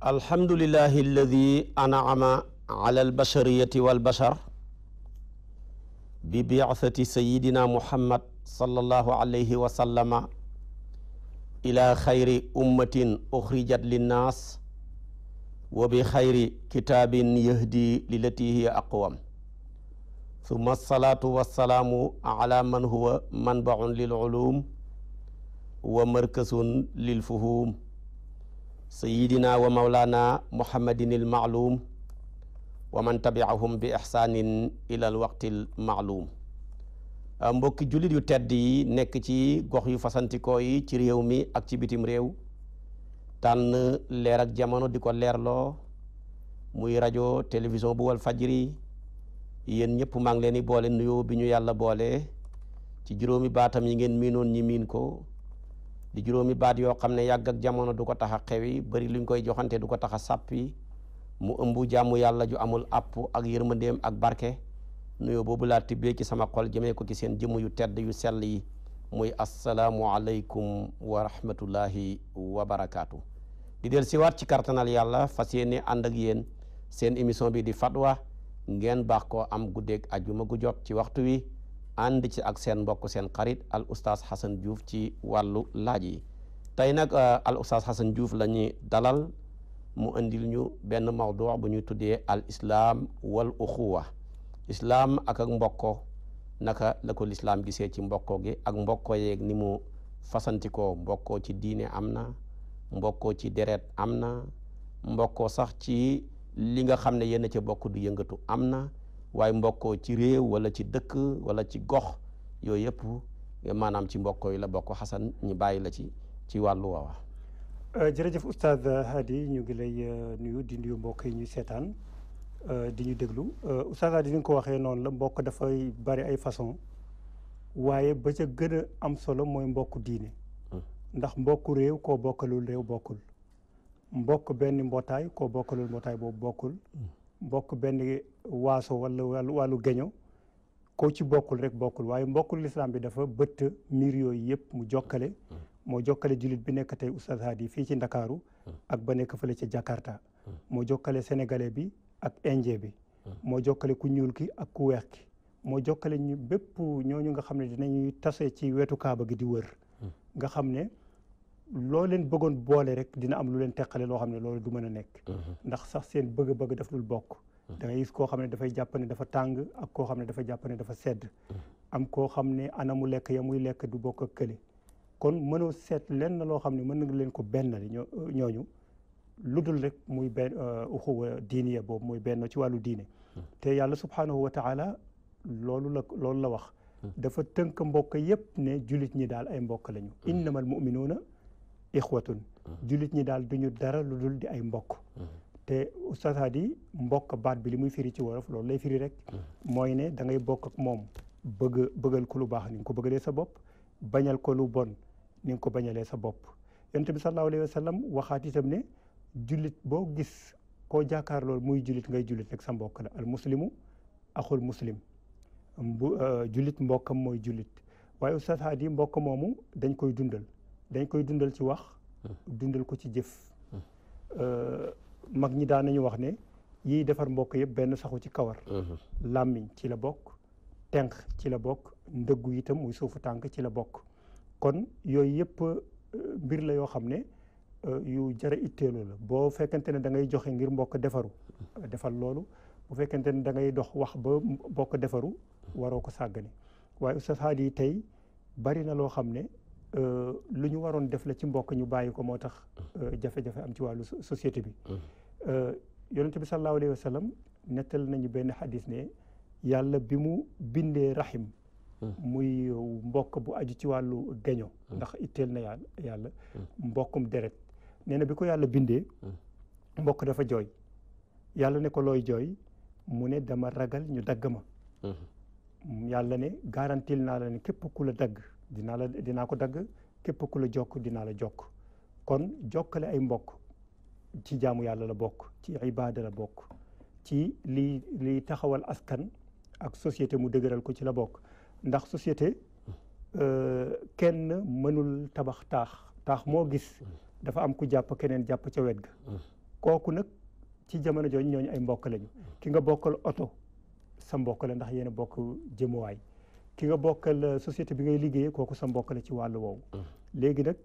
alhamdulillahi alladi an'ama ala albashariyati walbashar bi bi'athati sayidina muhammad sallallahu alayhi wa sallama ila xayri ummatin uxrijat linnaas wa bi xayri kitaabin yahdi lilati hiya aqwam summa alsalaatu wassalaamu ala man huwa manbaun lil ulum wa markasun lil fuhum sayidina wa mawlana muhammadin il maalum wa man tabiahum bi ihsanin ila al waqtil euh, mbokki jullit yu tedd yi nekk ci gox yu fasantikoo yi ci réew mi ak ci bitim réew tànn leerak ak jamono di ko leerlo muy rajo télévision bu wal fajri yéen ñëpp maa ngi leen di boole nuyoo bi ñu yàlla boole ci juróomi baatam yi ngeen miinoon ñi miin ko di juróomi baat yoo xam ne yàgg ak jamono du ko tax a xewi bari luñ koy joxante du ko tax a sàppi mu ëmb jàmm yàlla ju amul àpp ak yërmandeem ak barke nuyoo boobu laa tibbee sama xol jëmee ko ki seen jëmm yu tedd yu sell yi muy asalaamualeykum wa rahmatullahi wa barakaatu. di del siwaat ci kartanal yàlla fas yéene ànd ak yéen seen émission bi di fatwa ngeen baax ko am guddeeg ajuma gu jot ci waxtu wi ànd ci ak seen mbokk seen karit al oustaz Xasan Diouf ci wàllu laaj yi tey nag euh, al oustaz Xasan Diouf la ñuy dalal mu indil ñu benn mawduu bu ñuy tuddee al islaam wal uxuwa islaam ak ak mbokko naka lako ko lislaam gisee ci mbokkoo gi ak mbokko yeeg ni mu fasantikoo mbokkoo ci diine am na mbokkoo ci deret am na mbokkoo sax ci li nga xam ne yenn ci bokk du yëngatu am na waaye mbokkoo ci réew wala ci dëkk wala ci gox yooyu yëpp maanaam ci mbokk yi la bokk xasan ñu bàyyi la ci ci wàllu woowa. Euh, jërëjëf oustaz ñu ngi lay euh, nuyu di nuyu mbokk yi ñuy seetaan euh, di ñu déglu oustaz Hady ni nga ko waxee noonu la mbokk dafay bari ay façon waaye ba ca a am solo mooy mbokk diine. Hmm. ndax mbokk réew ko bokkalul réew bokkul. mbokk benn mbootaay ko bokkalul mbootaay boobu bokkul. Hmm. mbokk benn waaso wala wàllu géño koo ci bokkul rek bokkul waaye mbokkul lislaam bi dafa bëtt miir yooyu yëpp mu jokkale hmm. moo jokkale jullit bi nekk tey Oustaz Hady fii ci Ndakaaru hmm. ak ba nekk fële ca Jakarta hmm. moo jokkale sénégalais bi ak indien bi moo jokkale ku ñuul ki ak ku weex ki moo jokkale ñu bépp ñooñu nga xam ne dinañuy tase ci wetu kaaba gi di wër nga xam ne loo leen bëggoon boole rek dina am lu leen teqale loo xam ne loolu du mën a nekk. Mhm. ndax sax seen bëgg-bëgg daf lul bokk. Mhm. da ngay gis koo xam ne dafay jàpp ne dafa tàng ak koo xam ne dafay jàpp ne dafa sedd. Mhm. am koo xam ne mu lekk ya muy lekk du bokk ak kële. kon mënoo seet lenn loo xam ne mën nga leen ko bennal ñooñu lu dul rek muy benn euh, uxuwa diiniya boobu muy benn ci wàllu diine. te yàlla subhaanahu wa taala loolu la loolu la wax. dafa tënk mbokk yépp ne jullit ñi daal ay mbokk lañu. innamal mu'minuuna ixwatun jullit ñi daal duñu dara lu dul di ay mbokk te ustaasaat yi baat bi li muy firi ci wolof loolu lay firi rek mooy ne da ngay moom bëgg bëggal ko lu baax ni nga ko bëggalee sa bopp bañal ko lu bon ni nga ko bañalee sa bopp yonent bi sallallahu alayhi wa sallam waxaat itam ne jullit boo gis koo jaakaar loolu muy jullit ngay jullit sa mbokk la al muslimu axul muslim bu euh, jullit mbokkam mooy jullit waaye ustaasaat yi moomu dañ koy dundal dañ koy dundal ci wax hmm. dundal ko ci jëf hmm. euh, mag ñi daan wax ne yiy defar mbokk yëpp benn saxu ci kawar hmm. làmmiñ ci la bokk tenq ci la bokk ndëggu itam muy suufu tànk ci la bokk kon yooyu yëpp euh, mbir la yoo xam ne euh, yu jara itteelu la boo fekkente ne da ngay joxe ngir mbokk defaru defal loolu bu fekkente ne da dox wax ba mbokk defaru waroo ko sàggane waaye Oustaz Hady tey bari na loo xam ne Euh, lu ñu waroon def la ci mbokk ñu bàyyi ko moo tax mm. euh, jafe-jafe am ci wàllu société bi mm. euh, yonente bi sallallahu alayhi wa sallam nettal nañu benn xadis ne yàlla bi mu bindee raxim mm. muy mbokk bu aju ci wàllu gaño ndax iteel na yàlla yàlla mbokkum deret nee na bi ko yàlla bindee mbokk dafa jooy yàlla ne ko looy jooy mu ne dama ragal ñu dagg ma mm-hmm. yàlla ne garantil naa la ne képp ku la dagg dinaa la dinaa ko dagg képp ku la jokk dinaa la jokk kon jokkale ay mbokk ci jaamu yàlla la bokk ci ibaada la bokk ci li li taxawal askan ak société mu dëgëral ko ci la bokk ndax société hmm. euh, kenn mënul tabax taax taax moo gis hmm. dafa am ku jàpp keneen jàpp ca wet ga hmm. kooku nag ci jamono jooju ñooñu ay mbokk lañu ki nga bokkal oto sa mbokk la ndax yéen bokk jëmuwaay ki nga bokkal euh, société bi ngay liggéey kooku sa mbokk la ci wàllu woowu. Mm. léegi nag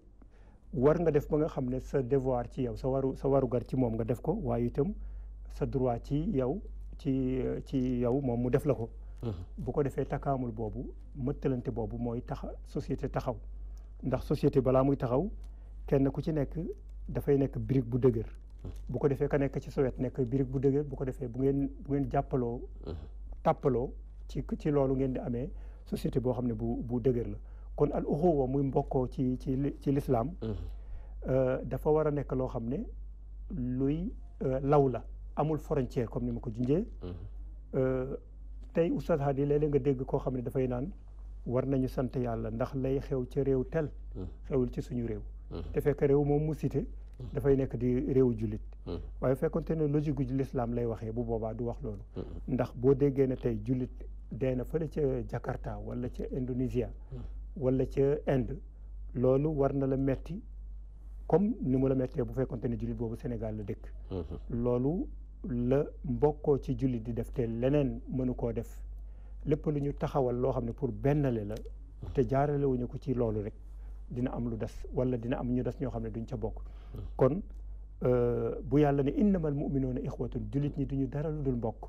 war nga def ba nga xam ne sa devoir ci yow sa waru sa warugar ci moom nga def ko waaye itam sa droit ci yow ci euh, ci yow moom mu def la ko. Mm-hmm. bu ko defee takkaamul boobu mëttalante boobu mooy tax société taxaw ndax société balaa muy taxaw kenn ku ci nekk dafay nekk brique bu dëgër. Mm-hmm. bu ko defee ka nekk ci sowet nekk birig bu dëgër bu ko defee bu ngeen bu ngeen jàppaloo mm-hmm. tàppaloo ci ci loolu ngeen di amee société boo xam ne bu bu dëgër la kon al uxuwa muy mbokkoo ci ci ci lislaam mhm. euh, dafa war a nekk loo xam ne luy euh, law la amul frontière comme ni ma ko junjee mhm. euh, tey oustaz Hadi léeg-léeg nga dégg koo xam ne dafay naan war nañu sant yàlla ndax lay xew ca réew tel mhm. xewul ci suñu réew te fekk réew moom mu cité dafay nekk di réew jullit waaye fekkonte ne gu lislaam lay waxee bu boobaa du wax loolu ndax boo déggee ne tey jullit dee na fële ca Jakarta wala ca Indonesia. Hmm. wala ca Inde. loolu war na la metti comme nu mu la mettee bu fekkonte ne jullit boobu senegal la dëkk. Hmm. loolu la mbokkoo ci jullit di def te leneen mënu koo def lépp lu ñu taxawal loo xam ne pour bennale la. te jaarale ko ci loolu rek dina am lu des wala dina am ñu des ñoo xam ne duñ ca bokk. Hmm. kon euh, bu yàlla ne innamal mu'minuuna ixwatun jullit ñi duñu dara lu dul mbokk.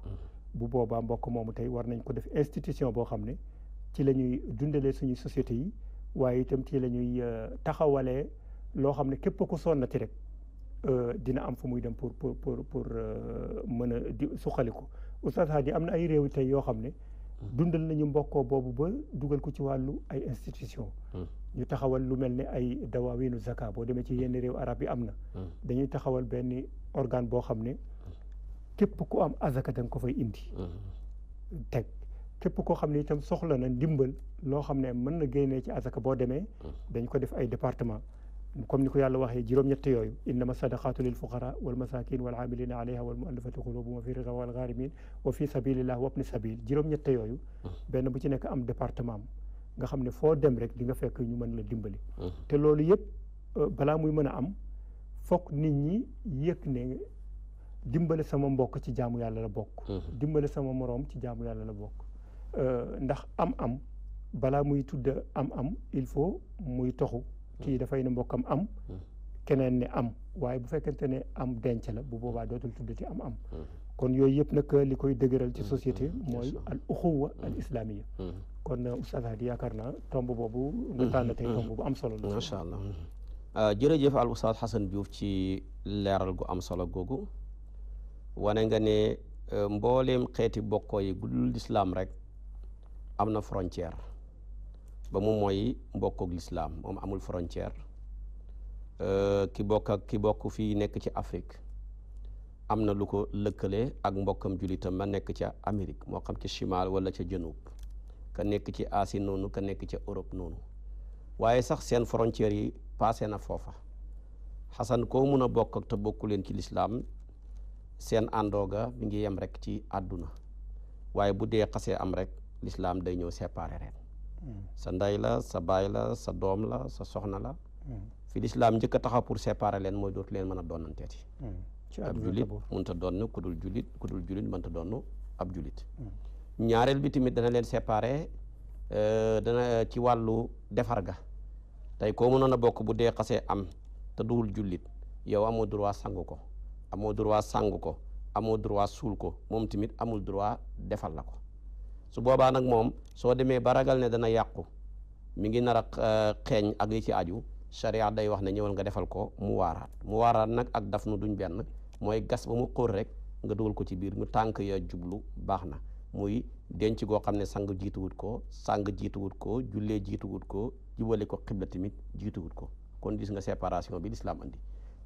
bu boobaa mbokk moomu tey war nañ ko def institution boo xam ne ci la ñuy dundalee suñu société yi waaye itam ci la ñuy euh, taxawalee loo xam ne képp ku sonnati rek euh, dina am fu muy dem pour pour pour pour euh, mën a di suqaliku Oustaz Hady am na ay réew tey yoo xam ne hmm. dundal nañu mbokkoo boobu ba dugal ko ci wàllu ay institution hmm. ñu taxawal lu mel ne ay dawaawinu zaka boo demee ci yenn réew arab yi am na hmm. dañuy taxawal benn organe boo xam ne képp ku am azaka da nga ko fay indi. Mm-hmm. teg képp koo xam ne itam soxla na ndimbal loo xam ne mën na génnee ci azaka boo demee. Mm-hmm. dañ ko def ay département comme ni ko yàlla waxee juróom-ñett yooyu innama sadaqaatu lil wal masakin wal amilina alayha wal muallafati qulubuhum wa fi riqa wal gharimin wa fi sabilillah wa ibni sabil juróom-ñett yooyu mm-hmm. benn bu ci nekk am département am nga xam ne foo dem rek di nga fekk ñu mën la dimbali te loolu yëpp euh, balaa muy mën a am dimbale sama mbokk ci jaamu yàlla la bokk. Mhm. dimbale sama moroom ci jaamu yàlla la bokk. Euh, ndax am-am balaa muy tudd am-am il faut muy toxu. Mhm. kii dafay ne mbokk am. Mhm. keneen ne am waaye bu fekkente ne am denc la bu boobaa dootul tuddati am am. kon yooyu yëpp nag li koy dëgëral ci société mooy al uxuwa al islamiya kon euh, Oustaz Hady yaakaar naa tomb boobu nga tànn tey tomb bu am solo la macha allah euh, jërëjëf al Oustaz Assane Diouf ci leeral gu am solo googu wane nga ne e, mbooleem xeeti bokkoo yi gudul lislaam rek am na frontière ba mu moy mbokkook lislaam moom amul frontière e, ki bokk ki bokk fii nekk ci Afrique am na lu ko lëkkale ak mbokkam jullitam ma nekk ca Amérique moo xam ca chimal wala ca janub ka nekk ci Asie noonu ka nekk ca Europe noonu waaye sax seen frontières yi passé na foofa xasan koo mun a bokk ak te bokku leen ci lislaam seen àndooga mu ngi yem rek ci àdduna waaye bu dee xasee am rek lislaam day ñëw séparé ren hmm. sa ndey la sa baay la sa doom la sa soxna la hmm. fi lislaam njëkk a taxaw pour séparer leen mooy dootu leen mën a doonanteeti hmm. ab julit mënta doonn ku dul julit ku dul julit mënta doonn ab julit ñaareel bi tamit dana leen séparé euh, dana ci wàllu defar ga tey koo mënoon a bokk bu dee xasee am te duwul jullit yow amoo droit sangu ko amoo droit sàng ko amoo droit suul ko moom tamit amul droit defal la ko su boobaa nag moom soo demee ba ragal ne dana yàqu mu ngi nar a euh, xeeñ ak li ci aju charia day wax ne ñëwal nga defal ko mu waaraat mu waaraat nag ak daf nu duñ benn mooy gas ba mu xóor rek nga dugal ko ci biir mu tànk ya jublu baax na muy denc goo xam ne sang jiituwut ko sang jiituwut ko jullee jiituwut ko jubale ko xibla tamit jiituwut ko kon gis nga séparation bi lislaam andi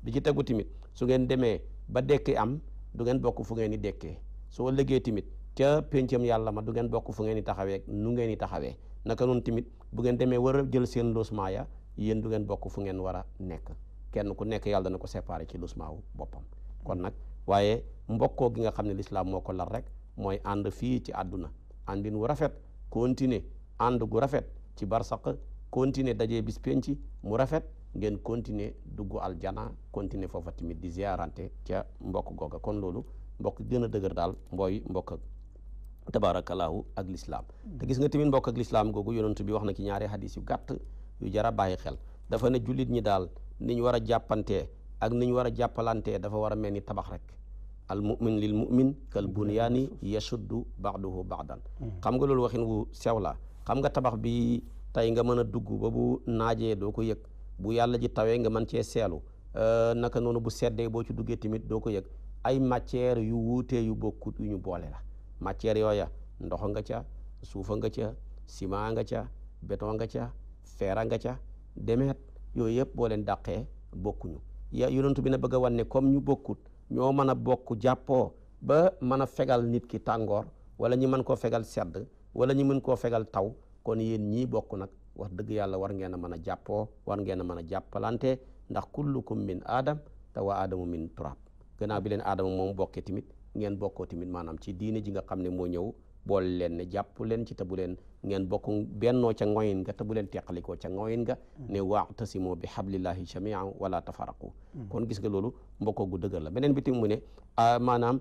bi ci tegu tamit su ngeen demee ba dekki am du ngeen bokk fu ngeen di dekkee soo leggee tamit ca péncam yàlla ma du ngeen bokk fu ngeen di taxawee nu ngeen di taxawee naka noonu tamit bu ngeen demee war a jël seen losement ya yéen du ngeen bokk fu ngeen war a nekk kenn ku nekk yàlla na ko séparé ci losement wu boppam kon nag waaye mbokkoo gi nga xam ne lislaam moo ko lar rek mooy ànd fii ci àdduna àndin wu rafet continuer ànd gu rafet ci barsaq continuer dajee bis penc mu rafet ngeen continuer dugg aljana continuer foofa tamit di ziarante ca mbokk googa kon loolu mbokk gën a dëgër daal mbooy mbokk ak tabaarakallahu ak gis nga tamit mbokk ak lislaam googu yonent bi wax na ci ñaari hadis yu gàtt yu jara bàyyi xel dafa ne jullit ñi daal niñ war a jàppantee ak niñ war a jàppalantee dafa war a mel ni tabax rek al mumin lil mumin kal bunyaani yashuddu ba'duhu ba'dan xam nga loolu waxin wu sew la xam nga tabax bi tey nga mën a dugg ba bu naajee doo ko yëg bu yàlla ji tawee nga mën cee seelu euh, naka noonu bu seddee boo ci duggee tamit doo ko yëg ay matière yu wuutee yu bokkut yu ñu boole la matière yooya ndox nga ca suufa nga ca ciment nga ca béton nga ca fer nga ca demeet yooyu yëpp boo leen dàqee bokkuñu yu yonent bi na bëgg a wan ne ñu bokkut ñoo mën a bokk jàppoo ba mën a fegal nit ki tàngoor wala ñi mën koo fegal sedd wala ñi mën koo fegal taw kon yéen ñii bokk nag wax dëgg yàlla war ngeen a mën a jàppoo war ngeen a mën a jàppalante ndax kullukum min aadam te wa min turab gannaaw bi leen aadama moom bokkee tamit ngeen bokkoo tamit maanaam ci diina ji nga xam ne moo ñëw boole leen ne jàpp leen ci te leen ngeen bokk bennoo ca ngoyin nga te bu leen teqalikoo ca ngoyin nga mm. ne wa'tasimu bi hablillahi jami'an wala tafaraqu mm. kon gis nga loolu mbokkoo gu dëgër la beneen bi tamit mu ne maanaam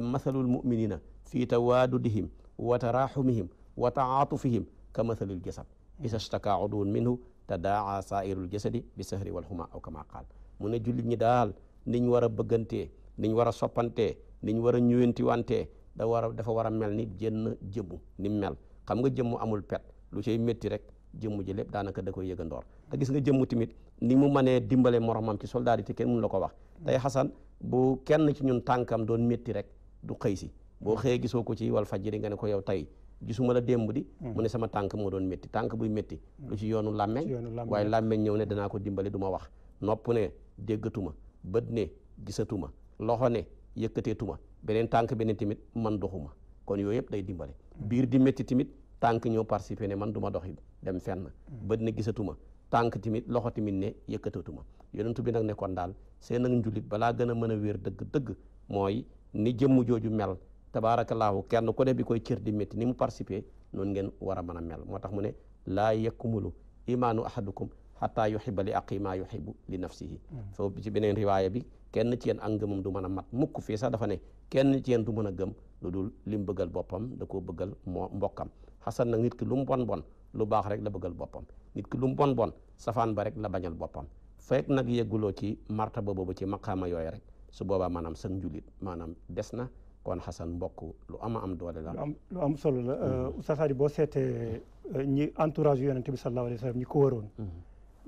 mathalul muminina fi tawaadudihim wa taraxumihim wa taatufihim ka mathalil jasad isa staka uduwun minhu tadaa sairul jasadi bi sahri wal huma aw kama qaal mu ne jullit ñi daal niñ war a bëggantee niñ war a soppantee niñ war a ñëwantiwantee da war a dafa war a mel ni jënn jëmmu ni mel xam nga jëmmu amul pet lu cay métti rek jëmmu ji lépp daanaka da koy yëgandoor te gis nga jëmmu tamit ni mu mënee dimbale moromam ci solidarité kenn mun la ko wax tey xasan boo kenn ci ñun tànkam doon métti rek du xëy si boo xëyee gisoo ko ci wal fajiri nga ne ko yow tey gisuma la démb di mm. mu ne sama tànk moo doon métti tànk buy métti mm. lu ci yoonu làmmeñ waaye làmmeñ ñëw ne danaa ko dimbali du ma wax nopp ne déggatuma bët ne gisatuma loxo ne yëkkateetuma beneen tànk beneen tamit man doxuma kon yooyu yëpp day dimbale mm. biir di métti tamit tànk ñoo participer ne man du ma doxi dem fenn bët ne gisatuma tànk tamit loxo tamit ne yëkkateetuma yonentu bi nag nekkoon daal seen ak njulit balaa gën a mën a wér dëgg dëgg mooy ni jëmm jooju mel tabaarakallaahu kenn ku ne bi koy cër di métti ni mu participé noonu ngeen war a a mel moo tax mu ne laa yakmulu imaanu ahadukum xataa yuhibba li aqi maa yuhibbu li nafsihi hmm. foofu ci beneen riwaaya bi kenn ci yenn ak ngëmam du mën a mat mukk fii sax dafa ne kenn ci yéen du mën a gëm lu dul lim bëggal boppam da koo bëggal moo mbokkam xasan nag nit ki lu mu bon lu baax rek la bëggal boppam nit ki lu mu bon safaan ba rek la bañal boppam fekk nag yegguloo ci martaba boobu ci maqaama yooyu rek su boobaa maanaam sën njulit maanaam des na kon Xasan mbokk lu ama am doole la. lu am lu am solo la mm-hmm. euh, Oustaz Hady boo seetee euh, ñi entourage yonent bi sallallahu alayhi wa sallam ñi ko waroon. Mm-hmm.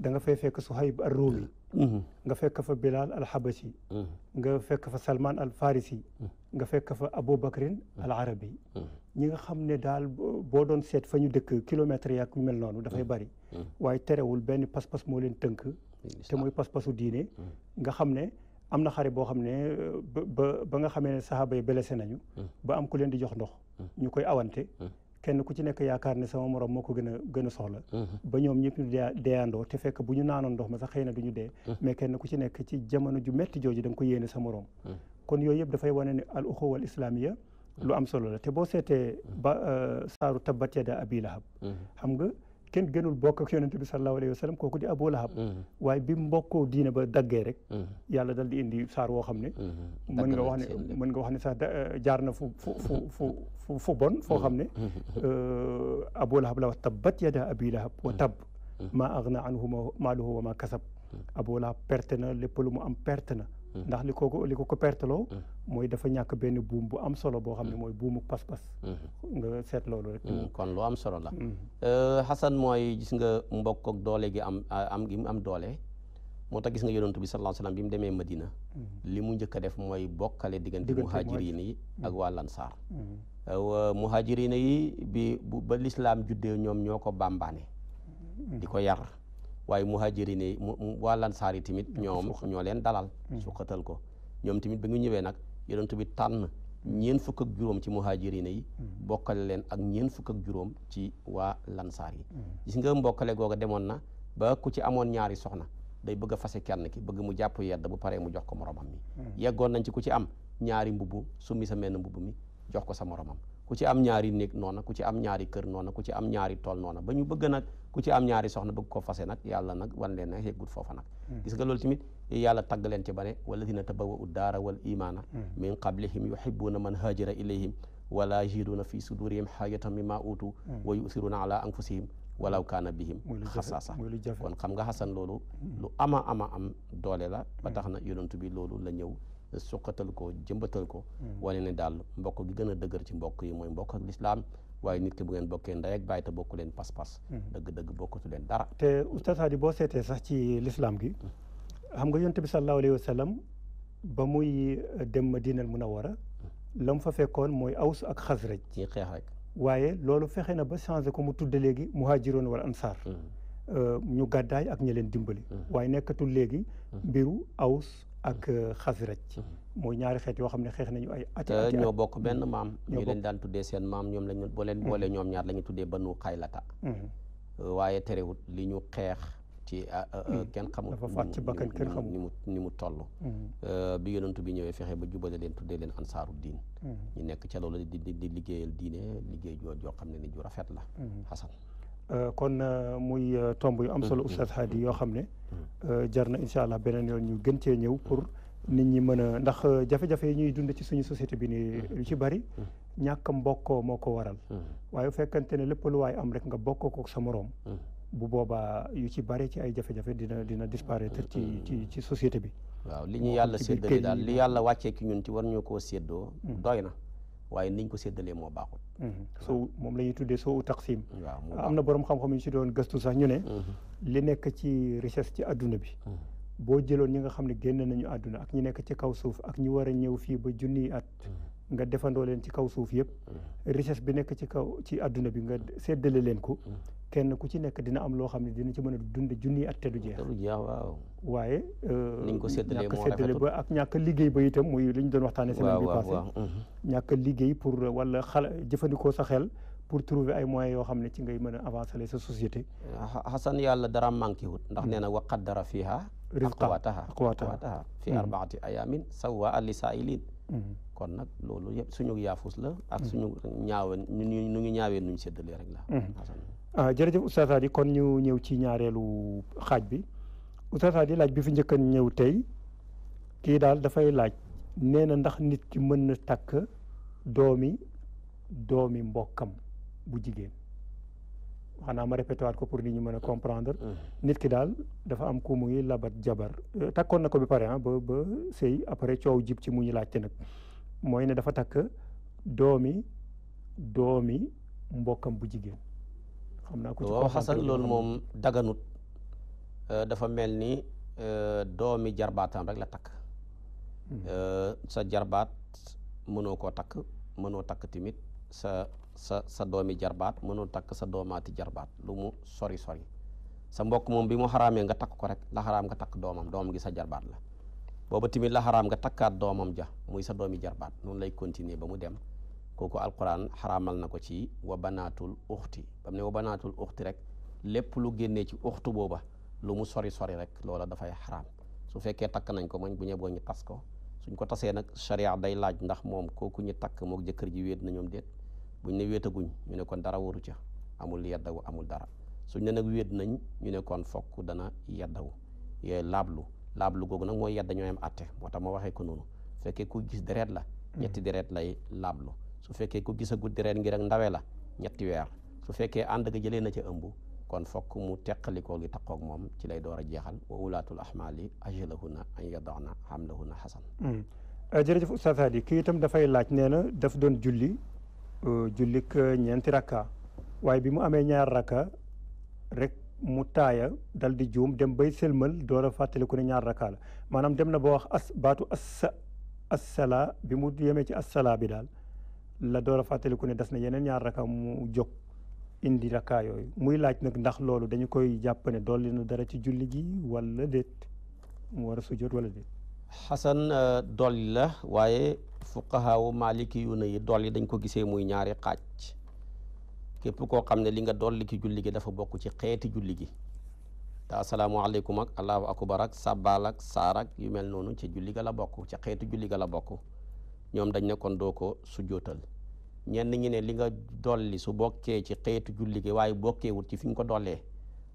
da nga fay fekk Suhayb ar-Rumi mm-hmm. nga fekk fa Bilal al-Habashi nga fekk fa Salman al-Farisi nga fekk fa Abu Bakrin al-Arabi ñi nga xam ne daal boo doon seet fa ñu dëkk kilomètres yaak ñu mel noonu dafay bari waaye terewul benn pas-pas tënk te mooy pas diine nga xam ne am na xare boo xam ne ba ba nga xamee ne saxaaba yi blessé nañu. Hmm. ba am ku leen di jox ndox. Hmm. ñu koy awante. Hmm. kenn ku ci nekk yaakaar ne sama moroom moo ko gën a gën a soxla. ba ñoom ñëpp ñu deeandoo te fekk bu ñu naanoon ndox ma sax xëy na du ñu dee. kenn ku ci nekk ci jamono ju metti jooju danga koy ko yéene sa morom. kon yooyu yëpp dafay wane ne al uxuwa al islamiya lu am solo la te boo seetee. ba euh, saaru tabbat yada abi lahab xam nga. kenn gënul bokk ak yonent bi sallallahu alayhi wa sallam Abu Lahab mm-hmm. waaye bi mbokkoo diina ba daggee rek mm-hmm. yàlla dal di indi saar woo xam ne mm-hmm. mën nga wax ne mën nga wax ne sax eh, jaar na fu fu fu fu fu bon foo xam ne eh, Abu Lahab la wax tabbat yada abi lahab wa tab maa agna anhu maaluhu wa ma kasab Abu Lahab perte na lépp lu mu am perte na Mm. ndax li ko li ko ko perteloo mm. mooy dafa ñàkk benn buum bu am solo boo xam ne mm. mooy buumu pas-pas nga seet loolu rek kon lu am solo la Xasan euh, mooy gis nga mbokk ak doole gi am am gi mu am doole moo tax gis nga yonantu bi sallallahu alayhi wasallam bi mu demee Madina li mu njëkk a def mooy bokkale diggante muhaajiriin yi ak waa lansaar euh, muhaajiriin yi bi ba lislaam juddee ñoom ñoo ko bàmbaane di ko yar waaye muhajirin yi mu waa lansaar yi tamit ñoom ñoo leen dalal hmm. suqatal ko ñoom tamit ba ñu ñëwee nag yonent bi tànn ñeen fukk juróom ci muhajirin yi hmm. bokkale leen ak ñeen fukk ak juróom ci waa lansaar yi hmm. gis nga mbokkale googa demoon na ba ku ci amoon ñaari soxna day bëgg a fase kenn ki bëgg mu jàpp yedd bu paree mu jox ko moromam mi yeggoon nañ ci ku ci am ñaari mbubb summi sa menn mbubb mi jox ko sa moroomam ku ci am ñaari néeg noona ku ci am ñaari kër noona ku ci am ñaari tool noona ba ñu bëgg nag ku ci am ñaari soxna bëgg ko fase nag yàlla nag wan leen ne yeggut foofa nag hmm. gis nga loolu tamit yàlla tagg leen ci ba ne walladina tabawwa'u daara wal imaana hmm. min qablihim na man haajara ilayhim wala yajiduuna fi sudurihim haajatan mimma utu hmm. wa yu'thiruuna ala anfusihim walaw kaana bihim xasaasa kon xam nga xasan loolu lu ama ama am doole la ba tax na yonent bi loolu la ñëw suqatal ko jëmbatal ko hmm. wane ne daal mbokk gi gën a dëgër ci mbokk yi mooy mbokk ak lislaam waaye nit ki bu ngeen bokkee ndey ak baay te bokku leen pas-pas hmm. dëgg-dëgg bokkatu leen dara te oustaz Hady boo seetee sax ci lislaam gi hmm. xam nga yonte bi sallallahu alayhi wa sallam ba muy dem Madinal Munawwara la mu fa fekkoon mooy aws ak xasraj ci xeex rek waaye loolu fexe na ba changé ko mu tudde léegi muhaajiroon wal ansaar euh, ñu gàddaay ak ñi leen dimbali waaye nekkatul léegi mbiru aws ak xasraj euh, hmm. mooy ñaari xeet yoo xam ne xeex nañu ay ati ati euh, ñoo bokk benn maam hmm. ñu leen daan tuddee seen maam ñoom lañu boo leen hmm. boolee ñoom ñaar la ñu tuddee banu xaylata euh, waaye terewut li ñu xeex ci kenn xamul dafa faat ci bakkan kenn xamul ni mu ni mu toll bi yonentu bi ñëwee fexe ba jubale leen tuddee leen ansaaru diin ñu nekk ca loolu di di liggéeyal diine liggéey joo joo xam ne ni ju rafet la xasan Euh, kon euh, muy euh, tomb yu am solo mm-hmm. oustaz mm-hmm. yoo xam ne mm-hmm. jar na incha allah beneen yoon ñu gën cee ñëw pour nit ñi mën a ndax jafe-jafe yi ñuy dund ci suñu société bi nii lu ci bari ñàkk mbokkoo moo ko waral waaye bu fekkante ne lépp lu waay am rek nga bokkoo ko sa moroom bu boobaa yu ci bari ci ay jafe-jafe dina dina disparaître ci ci ci société bi waaw li ñu yàlla séddale daal li yàlla wàccee ki ñun ci war ñu koo séddoo doy na waaye niñ ko séddalee moo baaxul. Mhm. soo moom la ñuy tuddee soo taqsim. waaw am na borom xam-xam yu si doon gastu sax ñu ne. Mhm. li nekk ci richesse ci adduna bi. Mhm. boo jëloon ñi nga xam ne génn nañu àdduna ak ñi nekk ci kaw suuf ak ñi war a ñëw fii ba junniy at. nga defandoo leen ci kaw suuf yëpp mm-hmm. richesse bi nekk ci kaw ci àdduna bi nga séddale leen ko mm-hmm. kenn ku ci nekk dina am loo xam ne dina ci mën a dund junni at te du jeex waaw waaye euh, niñ ko séddalee moo ak ñàkk liggéey ba itam muy li doon waxtaane semaine bi passé mm-hmm. ñàkk liggéey pour wala xala jëfandikoo sa xel pour trouver ay moyens yoo xam ne ci ngay mën a avancer sa société xasan yàlla dara manqué wut ndax nee na wa qaddara fiha rizqataha aqwataha fi arbaati ayamin sawaa lisaa'ilin kon nag loolu yëpp suñu yaafus la ak suñu ñaawe nu ñu ngi ñaawee nuñ séddalee rek la mm-hmm. ah, jërëjëf Oustaz Hady kon ñu ñëw ci ñaareelu xaaj bi Oustaz Hady laaj bi fi njëkkan ñëw tey kii daal dafay laaj nee na ndax nit ki mën na takk doomi doomi mbokkam bu jigéen xanaa ma ko pour nit ñi mën a comprendre. Mm-hmm. nit ki daal dafa am ku muy labat jabar euh, takkoon na ko bi pare ah ba ba sëy après jib ci mu ñu laajte nag mooy ne dafa takk doomi doomi mbokkam bu jigéen. xam naa ko ci waaw xasan loolu moom daganut euh, dafa mel ni euh, doomi jarbaatam rek la takk. Mm-hmm. sa jarbaat mënoo koo takk mënoo takk tamit sa. sa sa doomi jarbaat mënul takk sa doomaati jarbaat lu mu sori sori sa mbokk moom bi mu xaraamee nga takk ko rek la xaraam nga takk doomam doomam gi sa jarbaat la booba tamit la takkaat doomam ja muy sa doomi jarbaat noonu lay continuer ba mu dem kooku alquran xaraamal na ko ci wa banaatul uxti bam ne wa banaatul uxti rek lépp lu génnee ci uxtu booba lu mu sori sori rek loola dafay xaraam su fekkee takk nañ ko mañ bu ñëboo ñu tas ko suñ ko tasee nag sharia day laaj ndax moom kooku ñu takk mook jëkkër ji wéet na ñoom buñ ne wéetaguñ ñu ne kon dara waru ca amul yeddawu amul dara suñ ne nag wéet nañ ñu ne kon fokk dana yeddawu yooyu laablu laablu googu nag mooy yedd ñoo am atte moo tax ma waxee ko noonu fekke fekkee ku gis deret la ñetti deret lay laablu su fekkee ku gisagul deret ngir ak ndawe la ñetti weer su fekkee ànd ga jëlee na ca ëmb kon fokk mu teqalikoo gi taqoog moom ci lay door a jeexal wa ulaatul ahmaali ajalahunna an yadana hamlahunna hasan hmm. jërëjëf Oustaz Hady kii itam dafay laaj nee na daf doon julli Euh, jullik ñeenti rakka waaye bi mu amee ñaar rakka rek mu taaya dal di juum dem bay sëlmal door a fàttaliku ne ñaar rakka la maanaam dem na ba wax as baatu as assalaa bi mu yemee ci assalaa bi daal la door a fàttaliku ne des na yeneen ñaar rakka mu jóg indi rakka yooyu muy laaj nag ndax loolu dañu koy jàpp ne dolli na dara ci julli gi wala déet mu war a sujjóot wala déet. Xasan euh, waaye. fuqahaawu maaliki yu ne yi dolli dañ ko gisee muy ñaari xaaj képp koo xam ne li nga dolli ci julli gi dafa bokk ci xeeti julli gi te asalaamualeykum ak allahu akbar ak sabbaal ak saar ak yu mel noonu ca julli la bokk ca xeetu julli ga la bokk ñoom dañ ne kon doo ko sujjootal ñenn ñi ne li nga dolli su bokkee ci xeetu julli gi waaye bokkeewut ci fi ñu ko dollee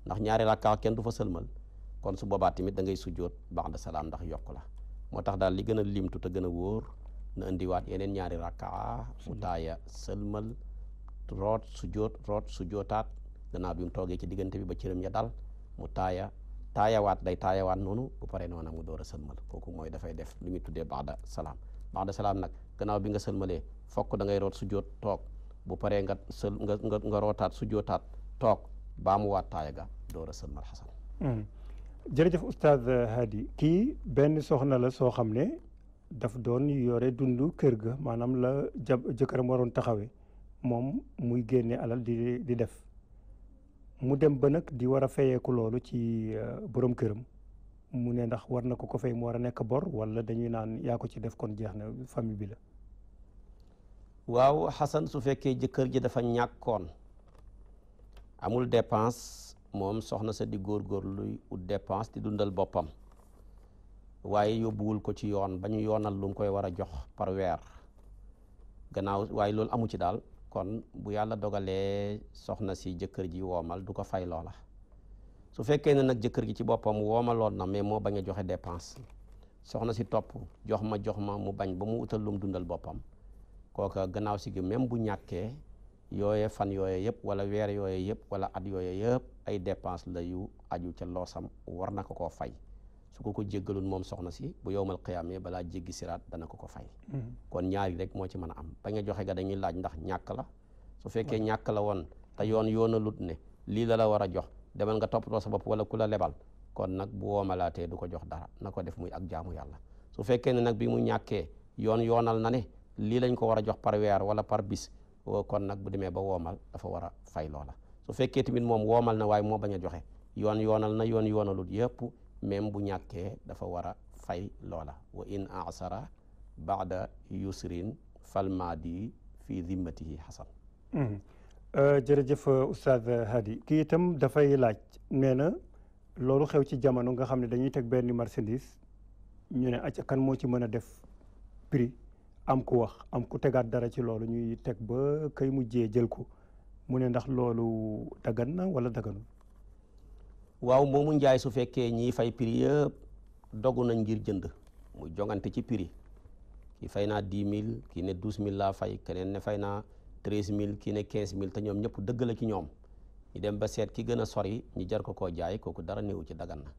ndax ñaari rakkaa kenn du fa sëlmal kon su boobaa tamit da ngay sujjoot ba'da salaam ndax yokk la moo tax daal li gën a limtu te gën a wóor na indiwaat yeneen ñaari rakkaa mu taaya sëlmal root su joot root su jootaat gannaaw bi mu toogee ci diggante bi ba ci cëram ya dal mu taaya taayawaat day taayawaat noonu bu pare noona mu door a sëlmal kooku mooy dafay def lu ñu tuddee baxda salaam baxda salaam nag gannaaw bi nga sëlmalee fokk da ngay root su joot toog bu paree nga sël nga nga nga rootaat su jootaat toog baa mu waat taaya ga door a sëlmal xasan hmm. jërëjëf oustaz Hadi kii benn soxna la soo xam ne daf doon yore dund kër ga maanaam la ja jëkkëram waroon taxawee moom muy génne alal di def mu dem ba nag di war a fayeeku loolu ci euh, borom këram mu ne ndax war na ko ko fay mu war a nekk bor wala dañuy naan yaa ko ci def kon jeex na famille bi la. waaw Xasan su fekkee jëkkër ji dafa ñàkkoon amul dépense moom soxna sa di góor góorlu ut dépense di dundal boppam. waaye yóbbuwul ko ci yoon ba ñu yoonal lum koy war a jox par weer gannaaw waaye loolu amu ci daal kon bu yàlla dogalee soxna si jëkkër ji woomal du ko fay loola su fekkee ne nag jëkkër gi ci boppam woomaloon na mais moo bañ a joxe dépense soxna si topp jox ma jox ma mu bañ ba mu utal lum dundal boppam kooka gannaaw si gi même bu ñàkkee yooye fan yooye yëpp wala weer yooye yëpp wala at yooye yëpp ay dépense la yu aju ca loosam war na ko koo fay su ko ko jéggalul moom soxna si bu yowmal xiyaamee balaa jéggi siraat dana ko ko fay kon ñaari rek moo ci mën a am ba nga joxe ga dañuy laaj la su fekkee ñàkk la woon te yoon yoon a lut ne lii la la war a jox demal nga toppatoo sa bopp wala la lebal kon nag bu woomalaatee du ko jox dara na ko def muy ak jaamu yàlla su fekkee ne nag bi mu ñàkkee yoon yoonal na ne lii lañ ko war a jox par weer wala par bis kon nag bu demee ba woomal dafa war a fay loola su fekkee tamit moom woomal na waaye moo bañ a joxe yoon yoonal na yoon yoonalut yëpp même bu ñàkkee dafa war a fay loola wa in asara baada yusrin falmaadi fi zimmatihi xasan hmm. euh, jërëjëf oustaz Hadi kii itam dafay laaj nee na loolu xew ci jamono nga xam ne dañuy teg benn marchandise ñu ne acca kan moo ci mën a def prix am ku wax am ku tegaat dara ci loolu ñuy teg ba kay mujjee jël ko mu ne ndax loolu dagan na wala daganul waaw moomu njaay su fekkee ñii fay prix yëpp dogu nañ ngir jënd muy jongante ci piri kii fay naa dix mille kii ne douze mill laa fay keneen ne fay naa treize mill kii ne quinze mille te ñoom ñëpp dëgg la ci ñoom ñu dem ba seet ki gën a sori ñu jar ko koo jaay kooku dara néew ci dagan na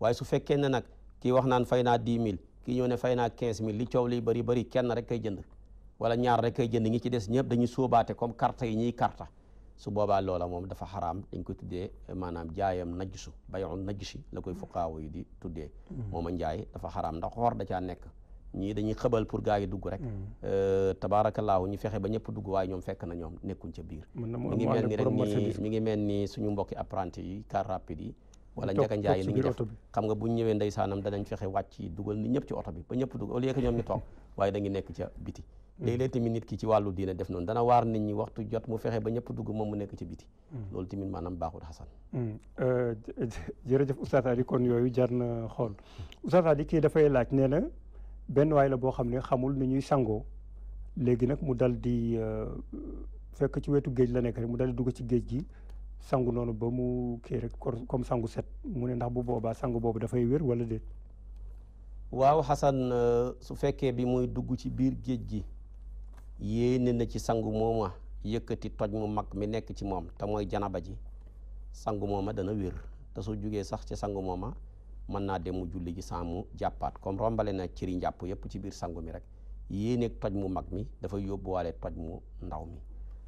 waaye su fekkee ne nag kii wax naan fay naa dix mille kii ñëw ne fay naa quinze mille li coow liy bëri bëri kenn rek kay jënd wala ñaar rek ay jënd ñi ci des ñëpp dañu sóobaate comme carte yi ñuy carte su boobaa loola moom dafa xaraam dañ ko tuddee eh, maanaam jaayam najsu bayu najsi la koy fuqaawu yi di tuddee mm-hmm. moom a njaay dafa xaraam ndax xoor da caa nekk ñii dañuy xëbal pour gaa yi dugg rek mm-hmm. eh, tabaarakallaahu ñu fexe ba ñëpp dugg waaye ñoom fekk na ñoom nekkuñ ca biir mi ngi mel ni rek ni ngi mel ni suñu mbokki apprenti yi car rapide yi wala yi ni ngi def xam nga bu ñu ñëwee ndeysaanam danañ fexe wàcc yi dugal ni ñëpp ci oto bi ba ñëpp dugg au lieu que ñoom ñu toog waaye dañuy nekk ca biti Mm-hmm. léeg-léeg tamit nit ki ci wàllu diina def noonu dana waar nit ñi waxtu jot mu fexe ba ñëpp dugg moom mu nekk ci biti mm-hmm. loolu tamit maanaam baaxul xasan mm-hmm. euh, jërëjëf kon yooyu jar na xool Oustaz kii dafay laaj nee na benn waay la boo xam ne xamul ni sangoo léegi nag mu dal di euh, fekk ci wetu géej la nekk rek mu dal dugg ci géej gi sangu noonu ba mu kii rek comme sangu set mu ne ndax bu boobaa sangu boobu dafay wér wala déet waaw xasan euh, su fekkee bi muy dugg ci biir géej gi yéene na ci sangu mooma yëkkati toj mu mag mi nekk ci moom te mooy janaba ji sangu mooma dana wér te soo jugee sax ci sangu mooma mën naa dem mu julli ji saamu jàppaat comme rombale na ciri njàpp yépp ci biir sangu mi rek yéeneeg toj mu mag mi dafa yóbbuwaale toj mu ndaw mi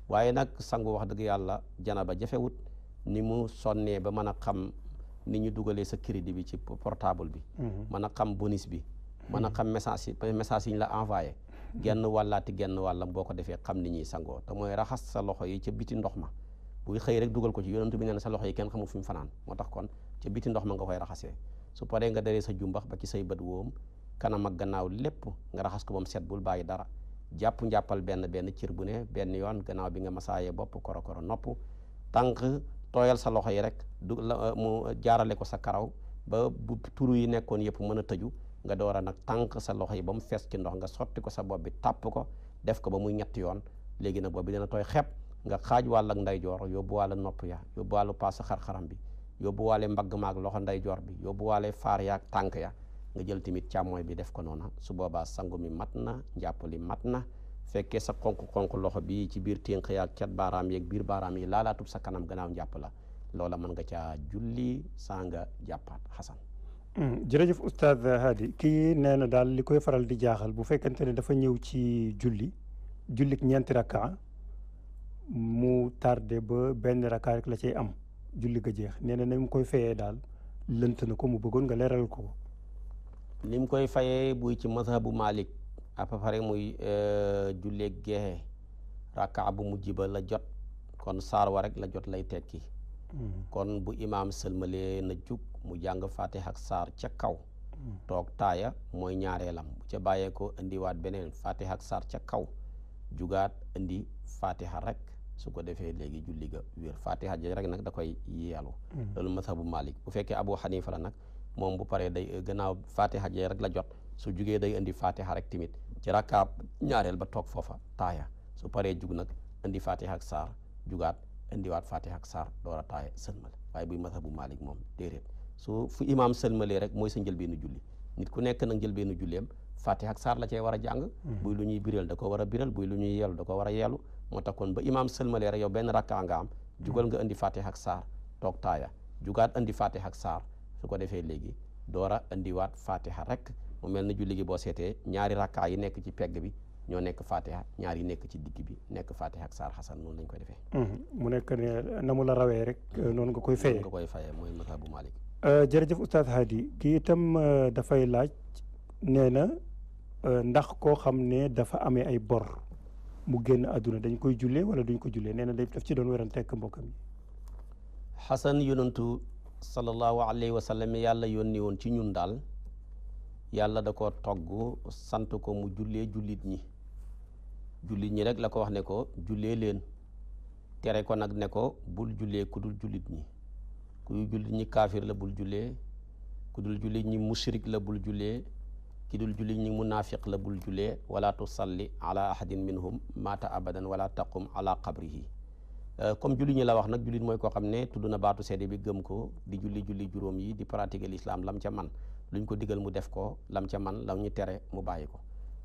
waaye nag sangu wax dëgg yàlla janaba jafewut ni mu sonnee ba mën a xam ni ñu dugalee sa crédit bi ci portable bi mhm. mën a xam bonus bi mën a mhm. xam message yi message yi ñu la envoyé genn wàllaati genn wàllam boo ko defee xam ni ñuy sangoo te mooy raxas sa loxo yi ca biti ndox ma buy xëy rek dugal ko ci yonentu bi nee na sa loxo yi kenn xamul ñu fanaan moo tax kon ca biti ma nga koy raxasee su paree nga daree sa jumbax ba ci say bët woom kanam ak gannaaw lépp nga raxas ko ba mu set bul bàyyi dara jàpp njàppal benn benn cir bu ne benn yoon gannaaw bi nga masaayee bopp koro koro nopp tànk tooyal sa loxo yi rek du mu jaarale ko sa karaw ba bu turu yi nekkoon yëpp mën a tëju nga door a nag tànk sa loxo yi ba mu fees ki ndox nga sotti ko sa bopp bi tàpp ko def ko ba muy ñetti yoon léegi nag boobu dina tooy xepp nga xaaj wàll ak ndeyjoor yóbbuwaale nopp ya yóbbuwaale sa xar-xaram bi yóbbuwaale mbagg maag loxo ndeyjoor bi yóbbuwaale faar ya ak tànk ya nga jël tamit càmmooy bi def ko noona su boobaa sangu mi mat na njàpp li mat na fekkee sa konk xonk loxo bi ci biir ténk ya ak cat baaraam yeeg biir baaraam yi laalaatul sa kanam gannaaw njàpp la loola mën nga caa julli saa nga jàppaat xasan Mm, jërëjëf oustaz Hadi kii nee na daal li koy faral di jaaxal bu fekkente ne dafa ñëw ci julli jullik ñeenti rakka mu tarde ba benn rakka rek la cay am julli ga jeex nee na mu koy fayee daal lënt ko mu bëggoon nga leeral ko. li mu koy fayee buy ci mazhabu Malik à peu muy euh, julleeg geexe rakka bu mu jiba la jot kon saar rek la jot lay tekki. kon bu imaam sëlmalee na jug mu jàng fatih ak saar ca kaw toog taaya mooy ñaareelam bu ca bàyyee ko indiwaat beneen fatih ak saar ca kaw jugaat indi fatiha rek su ko defee léegi julli ga wér fatiha ji rek nag da koy yeelu loolu mazhabu malik bu fekkee abu xanifa la nag moom bu paree day gannaaw fatiha ji rek la jot su jugee day indi fatiha rek tamit ci rakkaab ñaareel ba toog foofa taaya su paree jug nag indi fatiha ak saar jugaat indiwaat fatiha ak saar door a taay sëlmal waaye buy mazhabu malik moom déedéet su fu imaam sëlmalee rek mooy sa njëlbeenu julli nit ku nekk nag njëlbeenu julleem fatiha ak saar la cee war a jàng hmm. buy lu ñuy biral da ko war a biral buy lu ñuy yeelu da ko war a yeelu moo tax kon ba imaam sëlmalee rek yow benn rakkaa nga am jugal nga indi fatiha ak saar toog taaya jugaat indi fatiha ak saar su ko defee léegi door a indiwaat fatiha rek mu mel na julli boo seetee ñaari rakkaa yi nekk ci pegg bi ñoo nekk fatiha ñaar yi nekk ci digg bi nekk fatiha ak saar xasan noonu lañ koy defee hmm. mu nekk ne na mu la rawee rek hmm. noonu nga koy fayee nga koy mooy mata bu malik euh, jërëjëf oustaz Hady kii itam euh, dafay laaj nee na euh, ndax koo xam ne dafa amee ay bor mu génn àdduna dañ koy jullee wala duñ ko jullee nee na daf ci doon tekk mbokkam yi xasan yonantu sallallahu alayhi wa sallam yàlla yónni woon ci ñun daal yàlla da ko togg sant ko mu jullee jullit ñi jullit ñi rek la ko wax ne ko jullee leen tere ko nag ne ko bul jullee ku dul jullit ñi kudul jullit ñi kaafir la bul jullee ku dul jullit ñi mushrik la bul jullee ki dul jullit la bul jullee wala tusalli ala ahadin minhum maata abadan wala taqum ala qabrihi euh, comme jullit ñi la wax nag jullit mooy koo xam ne tudd na baatu seede bi gëm ko di julli julli juróom yi di pratiquer l'islam lam ca man luñ ko digal mu def ko lam ca man la ñu tere mu bàyyi ko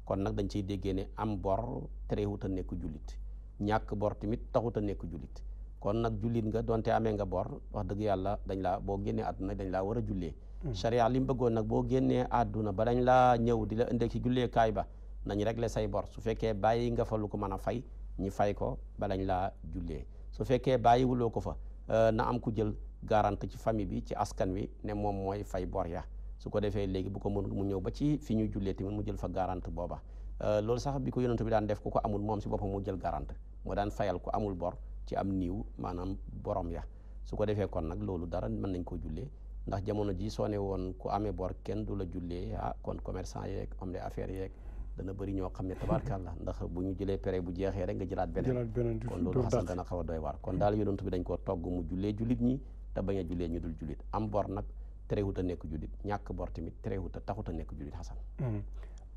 kon nag dañ ciy déggee ne am bor terewut a nekk jullit ñàkk bor tamit taxut a nekk jullit kon nag jullit nga donte amee nga bor wax dëgg yàlla dañ laa boo génnee àdduna dañ laa war a jullee charia hmm. li mu bëggoon nag boo génnee àdduna ba dañ laa ñëw di la indee ci julleekaay ba nañ régler say bor su fekkee bàyyi nga fa lu ko mën a fay ñi fay ko ba lañ laa jullee su fekkee bàyyiwuloo ko fa euh, na am ku jël garante ci famille bi ci askan wi ne moom mooy fay ya su ko defee léegi bu ko mënul mu ñëw ba ci fi ñu jullee tamit mu jël fa garante booba euh, loolu sax bi ko yonent bi daan def ko ko amul moom si boppam mu jël garante moo daan fayal ku amul bor ci am niiw maanaam borom ya su ko defee kon nag loolu dara mën nañ koo jullee ndax jamono ji soo ne woon ku amee bor kenn du la jullee ah kon commerçant yeeg homme d'affaires yeeg dana bëri ñoo xam ne tabaarkàlla ndax bu ñu jëlee pere bu jeexee rek nga jëlaat beneen kon loolu xasan dana xaw a doy waar kon daal yonent bi dañ koo togg mu jullee jullit ñi te bañ a jullee ñu dul jullit am bor nag terewut a nekk jullit ñàkk bor tamit terewut a taxut a nekk jullit Xasan. Hmm.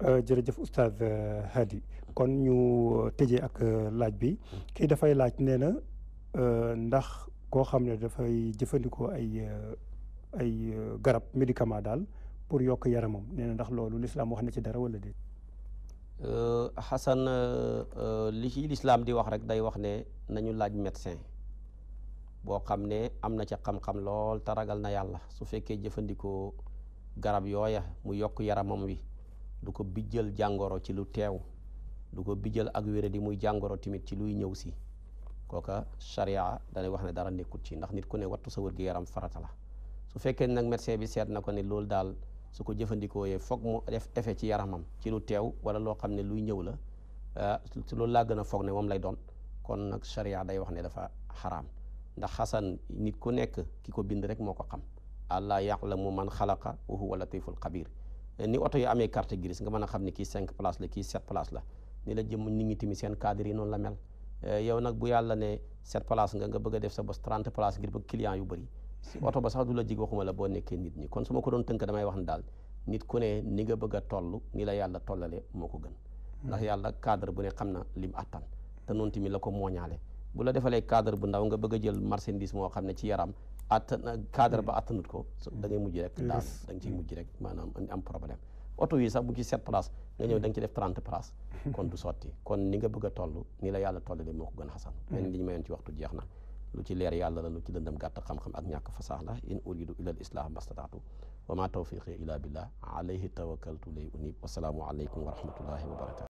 Euh, jërëjëf oustaz Hadi kon ñu euh, tëjee ak euh, laaj bi kii dafay laaj nee na ndax koo xam ne dafay jëfandikoo ay ay garab médicament daal pour yokk yaramam nee na ndax loolu lislaam wax na ci dara walla déet. Xasan li ci lislaam di wax rek day wax ne nañu laaj médecin. boo xam ne am na ca xam-xam lool te ragal na yàlla su fekkee jëfandikoo garab yooya mu yokk yaramam wi du ko bijjal jàngoro ci lu teew du ko bijjal ak wéré di muy jàngoro tamit ci luy ñëw si kooka charia danay wax ne dara nekkut ci ndax nit ku ne wattu sa wërgu yaram farata la su fekkee nag médecin bi seet na ko ne loolu daal su ko jëfandikoo yee foog mu def effet ci yaramam ci lu teew wala loo xam ne luy ñëw la ah, loolu laa gën a foog ne moom lay doon kon nag charia day wax ne dafa xaraam ndax xasan nit ku nekk ki ko bind rek moo ko xam la ya'lamu man xalaqa wa huwa latiful xabir ni oto yu amee carte grise nga mën a xam ni kii cinq place la kii sept place la ni la jëm nit ñi tamit seen cadre yi noonu la mel eh, yow nag bu yàlla ne sept place nga nga bëgg a def sa bos trente place ngir bëgg client yu bëri si oto ba sax du la jig waxuma la boo nekkee nit ñi kon su ma ko doon tënk damay wax ne daal nit ku ne ni nga bëgg a toll ni la yàlla tollale moo ko gën hmm. ndax yàlla cadre bu ne xam na lim attan te noonu tamit la ko mooñaale bu la defalee cadre bu ndaw nga bëgg a jël marchandise moo xam ne ci yaram attan cadre ba mm. attanut ko da ngay mujj rek daas da nga ciy mujj rek maanaam am problème oto yi sax bu ci sept place nga ñëw mm. da ci def trente place kon du sotti kon ni nga bëgg a toll ni la yàlla toll li moo ko gën a xasan mm. len li ñu mayoon ci waxtu jeex na lu ci leer yàlla la lu ci dëndam gàtt xam-xam ak ñàkk fasaax la in uridu ila al islah mastataatu wa ma tawfiqi ila billah alayhi tawakkaltu wa rahmatullahi wa